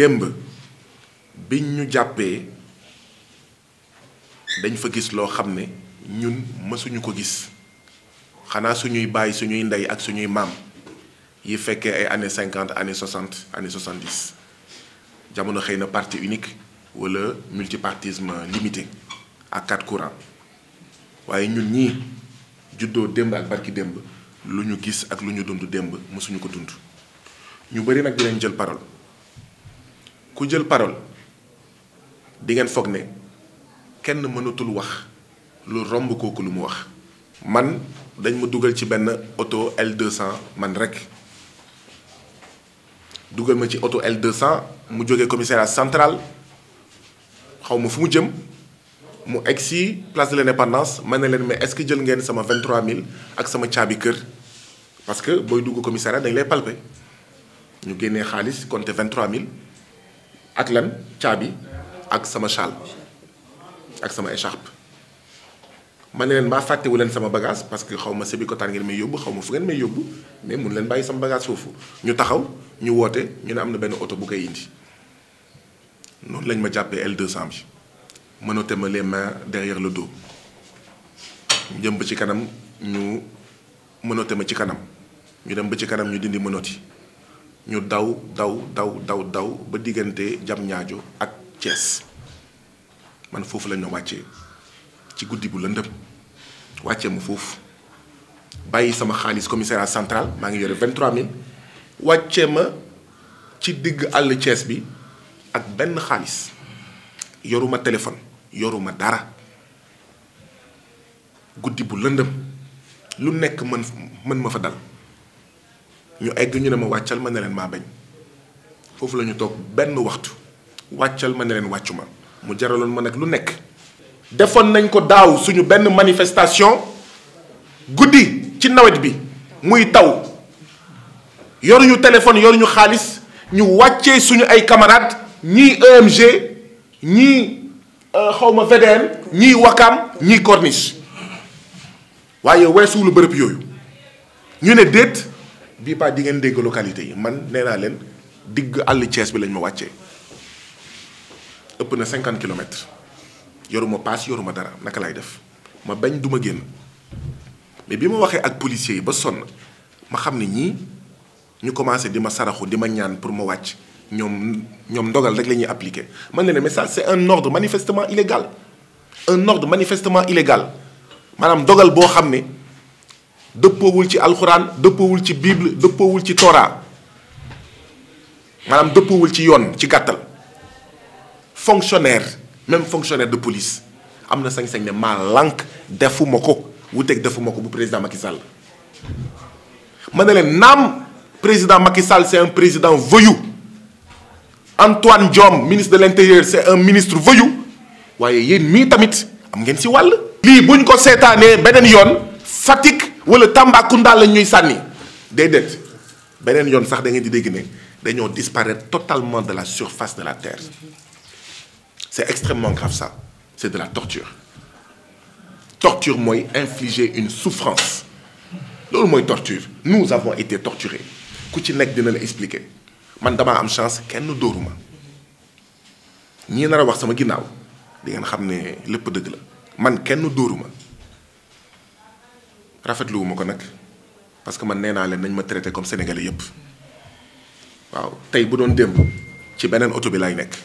démb bi ñu jàppee dañ fa gis loo xam ne ñun mësuñu ko gis xanaa suñuy bàyyi suñuy ndey ak suñuy maam yi fekkee ay années cinquante années soixante années soixante dix jamono xëy na parti unique wala multipartisme limité ak quatre courant waaye ñun ñii juddoo démb ak barki démb lu ñu gis ak lu ñu dund démb mësuñu ko dund ñu bëri nag dinañ jël parole. ku jël parole di ngeen foog ne kenn mënatul wax lu romb man dañ ma ci auto L200 man rek dugal auto L200 mu commissariat central jëm mu place de l'indépendance ma ne mais est-ce que jël sama ak sama parce que booy dugg commissariat dañ lay palpé ñu génnee ak lan caabi ak sama châle ak sama écharpe man ne leen maa fàttewu leen sama bagage parce que xaw ma sébi ko taan ngeen may yóbbu xaw ma fu ngeen may yóbbu mais mun leen bàyyi sama bagage foofu ñu taxaw ñu woote ñu ne am na benn oto bu koy indi noonu lañ ma jàppee L200 bi menotté ma les mains derrière le dos ñu jëm ba ci kanam ñu menotté ma ci kanam ñu dem ba ci kanam ñu dindi menottes ñu daw daw daw daw daw ba diggante jam ñaajo ak Thiès man foofu la ñu wàccee ci guddi bu lëndëm wàccee ma foofu bàyyi sama xaalis commissariat central maa ngi yore 23000 wàccee ma ci digg àll Thiès bi ak benn xaalis yoruma téléphone yoruma dara guddi bu lëndëm lu nekk mën mën ma fa dal. ñu egg ñu ne ma wàccal ma ne leen maa bañ foofu la ñu toog benn waxtu wàccal ma ne leen wàccu ma mu jaraloon ma nag lu nekk. defoon nañ ko daaw suñu benn manifestation guddi ci nawet bi muy taw yoruñu téléphone yoruñu xaalis ñu wàccee suñu ay camarades ñii EMG ñii euh, xawma VDN ñii Wakaam ñii Corniche waaye weesuwulu bërëb yooyu ñu ne déet. bi pas di ngeen dégg localité yi man nee naa leen digg àll Thiès bi lañ ma wàccee ëpp na kilomètres yoruma paas yoruma dara naka lay def ma bañ duma génn mais bi ma waxee ak policiers yi ba sonn ma xam ne ñii ñu commencé ma saraxu di pour ma la man c'est un ordre manifestement illégal un ordre manifestement illégal maanaam dogal boo dëppoowul ci alxuraan dëppoowul ci bible dëppoowul ci Torah maanaam dëppoowul ci yoon ci gàttal fonctionnaire même fonctionnaire de police am na sañ-sañ ne maa lànk defuma ko wuteeg defuma ko bu président Macky Sall ma ne leen naam président Macky Sall c'est un président voyou Antoine Diom ministre de l'intérieur c'est un ministre voyou waaye yéen mii tamit am ngeen si wàll. lii buñ ko seetaanee beneen yoon Fatick wala Tambacounda la ñuy sànni déedéet Benen Yon sax da ngeen di dégg disparaître totalement de la surface de la terre c'est extrêmement grave ça c'est de la torture torture mooy infliger une souffrance loolu mooy torture nous avons été torturés ku ci nekk dina expliquer man damaa am chance kenn dóoruma ñii nar a wax sama ginnaaw di ngeen xam ne lépp dëgg la man kenn dóoruma rafetluwu ma ko nag parce que man nee naa nañ ma traiter comme sénégalais yépp waaw tay bu doon démb ci benen auto bi laay nekk.